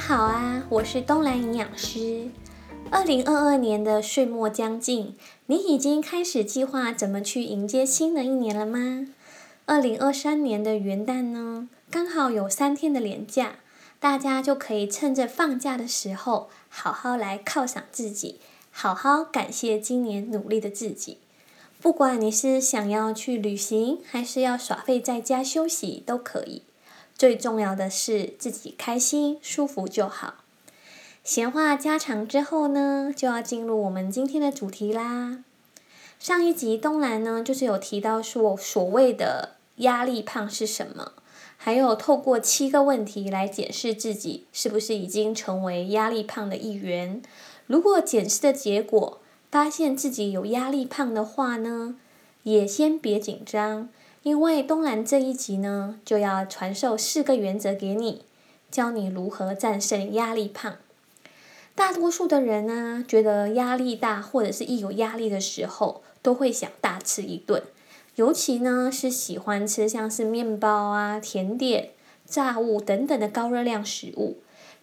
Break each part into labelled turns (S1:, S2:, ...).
S1: 好啊，我是東蘭營養師。二零二二年的歲末將近，你已經開始計劃怎麼去迎接新的一年了嗎？二零二三年的元旦呢，剛好有三天的連假，大家就可以趁着放假的時候，好好來犒賞自己，好好感謝今年努力的自己。不管你是想要去旅行，還是要耍廢在家休息，都可以。最重要的是自己開心、舒服就好。閒話家常之後呢，就要進入我們今天的主題啦。上一集東蘭呢，就是有提到說所謂的壓力胖是什麼，還有透過七個問題來檢視自己是不是已經成為壓力胖的一員。如果檢視的結果發現自己有壓力胖的話呢，也先別緊張。因為東蘭這一集呢，就要傳授四個原則給你，教你如何戰勝壓力胖。大多數的人呢，覺得壓力大，或者是一有壓力的時候，都會想大吃一頓，尤其呢是喜歡吃像是麵包啊、甜點、炸物等等的高熱量食物，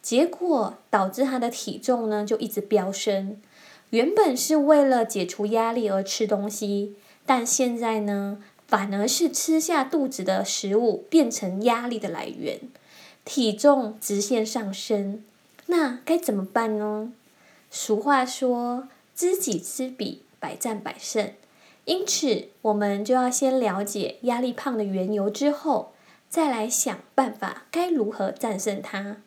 S1: 結果導致他的體重呢就一直飆升。原本是為了解除壓力而吃東西，但現在呢，反而是吃下肚子的食物變成壓力的來源，體重直線上升，那該怎麼辦呢？俗話說知己知彼，百戰百勝，因此我們就要先了解壓力胖的緣由之後，再來想辦法該如何戰勝它。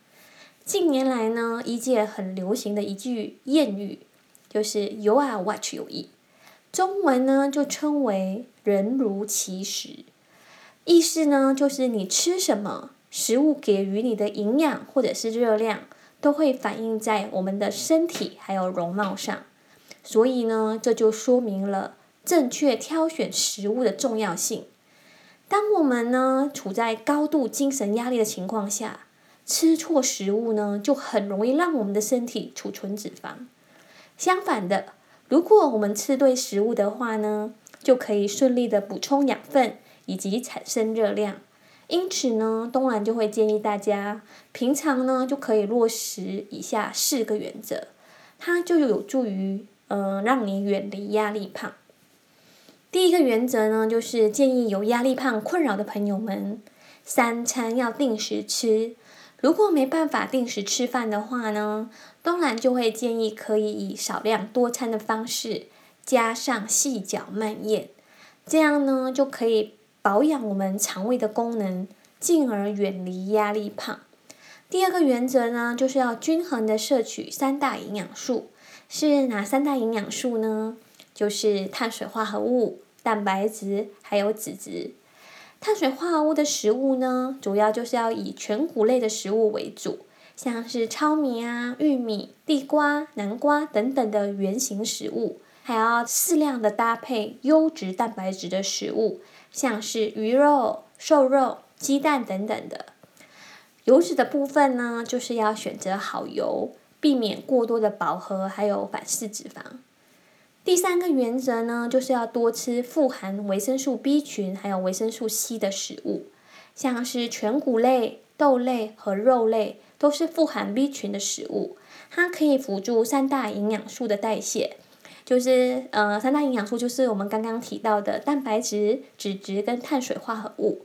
S1: 近年來呢，業界很流行的一句諺語就是 “You are what you eat”。中文呢就稱為“人如其食”，意思呢就是你吃什麼食物，給予你的營養或者是熱量，都會反映在我們的身體還有容貌上。所以呢，這就說明了正確挑選食物的重要性。當我們呢處在高度精神壓力的情況下，吃錯食物呢就很容易讓我們的身體儲存脂肪。相反的。如果我們吃對食物的話呢，就可以順利的補充養分以及產生熱量。因此呢，東蘭就會建議大家，平常呢就可以落實以下四個原則，它就有助於嗯、呃、讓你遠離壓力胖。第一個原則呢，就是建議有壓力胖困擾的朋友們，三餐要定時吃。如果沒辦法定時吃飯的話呢，東蘭就會建議可以以少量多餐的方式，加上細嚼慢嚥，這樣呢就可以保養我們腸胃的功能，進而遠離壓力胖。第二個原則呢，就是要均衡的攝取三大營養素，是哪三大營養素呢？就是碳水化合物、蛋白質還有脂質。碳水化合物的食物呢，主要就是要以全穀類的食物為主，像是糙米啊、玉米、地瓜、南瓜等等的原型食物，還要適量的搭配優質蛋白質的食物，像是魚肉、瘦肉、雞蛋等等的。油脂的部分呢，就是要選擇好油，避免過多的飽和還有反式脂肪。第三個原則呢，就是要多吃富含維生素 B 群，還有維生素 C 的食物，像是全穀類、豆類和肉類都是富含 B 群的食物，它可以輔助三大營養素的代謝，就是呃三大營養素就是我們剛剛提到的蛋白質、脂質跟碳水化合物，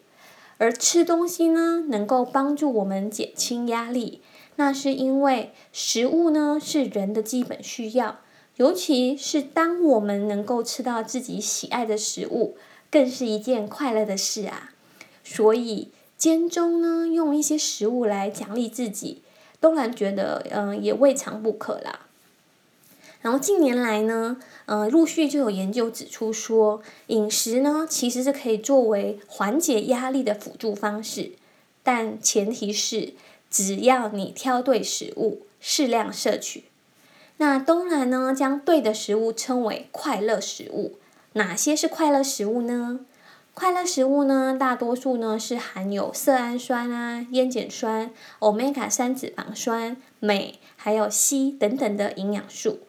S1: 而吃東西呢能夠幫助我們減輕壓力，那是因為食物呢是人的基本需要。尤其是當我們能夠吃到自己喜愛的食物，更是一件快樂的事啊！所以，間中呢，用一些食物來獎勵自己，東蘭覺得，嗯、呃，也未嘗不可啦。然後近年來呢，嗯、呃，陸續就有研究指出說，飲食呢其實是可以作為緩解壓力的輔助方式，但前提是只要你挑對食物，適量攝取。那東蘭呢，將對的食物稱為快樂食物。哪些是快樂食物呢？快樂食物呢，大多數呢是含有色氨酸啊、菸鹼酸、歐米伽三脂肪酸、鎂還有硒等等的營養素。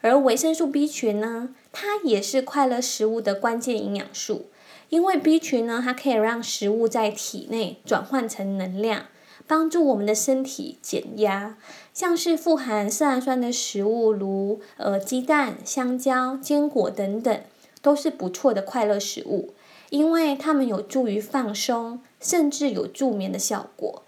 S1: 而維生素 B 群呢，它也是快樂食物的關鍵營養素，因為 B 群呢，它可以讓食物在體內轉換成能量。幫助我們的身體減壓，像是富含色氨酸的食物如、如呃雞蛋、香蕉、堅果等等，都是不錯的快樂食物，因為它們有助於放鬆，甚至有助眠的效果。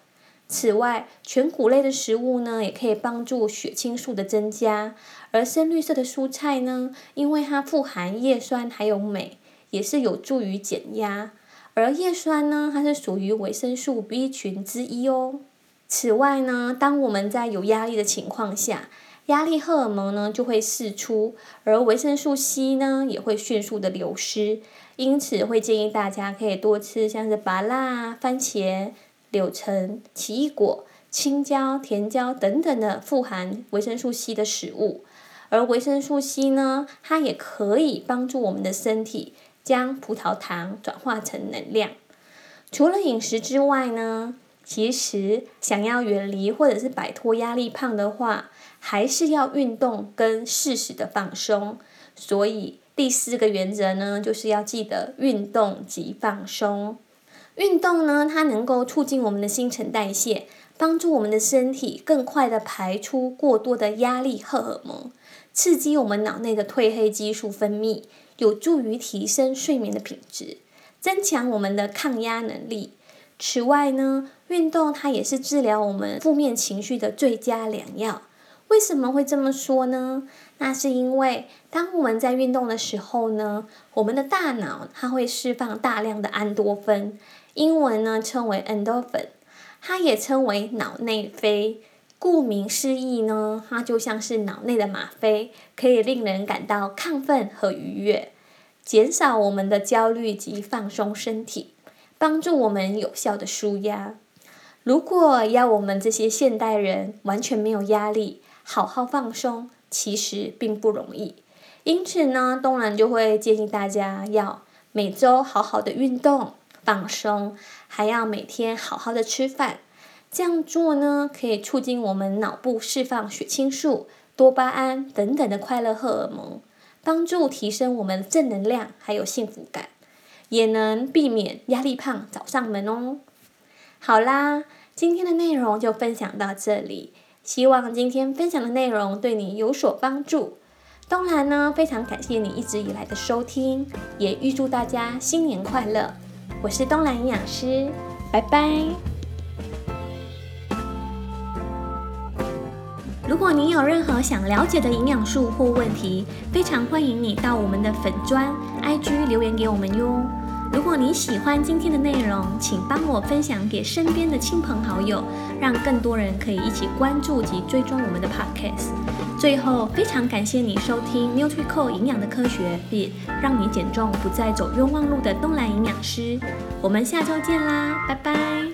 S1: 此外，全穀類的食物呢，也可以幫助血清素的增加，而深綠色的蔬菜呢，因為它富含葉酸還有鎂，也是有助於減壓。而葉酸呢，它是屬於維生素 B 群之一哦。此外呢，當我們在有壓力的情況下，壓力荷爾蒙呢就會釋出，而維生素 C 呢也會迅速的流失，因此會建議大家可以多吃像是芭樂、番茄、柳橙、奇異果、青椒、甜椒等等的富含維生素 C 的食物。而維生素 C 呢，它也可以幫助我們的身體。將葡萄糖轉化成能量。除了飲食之外呢，其實想要遠離或者是擺脫壓力胖的話，還是要運動跟適時的放鬆。所以第四個原則呢，就是要記得運動及放鬆。運動呢，它能夠促進我們的新陳代謝，幫助我們的身體更快地排出過多的壓力荷爾蒙，刺激我們腦內的褪黑激素分泌。有助於提升睡眠的品質，增強我們的抗壓能力。此外呢，運動它也是治療我們負面情緒的最佳良藥。為什麼會這麼說呢？那是因為當我們在運動的時候呢，我們的大腦它會釋放大量的安多酚，英文呢稱為 endorphin，它也稱為腦內啡。顧名思義呢，它就像是腦內的嗎啡，可以令人感到亢奮和愉悅，減少我們的焦慮及放鬆身體，幫助我們有效的舒壓。如果要我們這些現代人完全沒有壓力，好好放鬆，其實並不容易。因此呢，東蘭就會建議大家要每周好好的運動，放鬆，還要每天好好的吃飯。這樣做呢，可以促進我們腦部釋放血清素、多巴胺等等的快樂荷爾蒙，幫助提升我們正能量，還有幸福感，也能避免壓力胖找上門哦。好啦，今天的內容就分享到這裡，希望今天分享的內容對你有所幫助。東蘭呢，非常感謝你一直以來的收聽，也預祝大家新年快樂。我是東蘭營養師，拜拜。如果您有任何想了解的營養素或問題，非常歡迎你到我們的粉專 IG 留言給我們喲。如果你喜歡今天的內容，請幫我分享給身邊的親朋好友，讓更多人可以一起關注及追蹤我們的 podcast。最後，非常感謝你收聽 NutriCore 營養的科學，IT, 讓你減重不再走冤枉路的東蘭營養師。我們下周見啦，拜拜。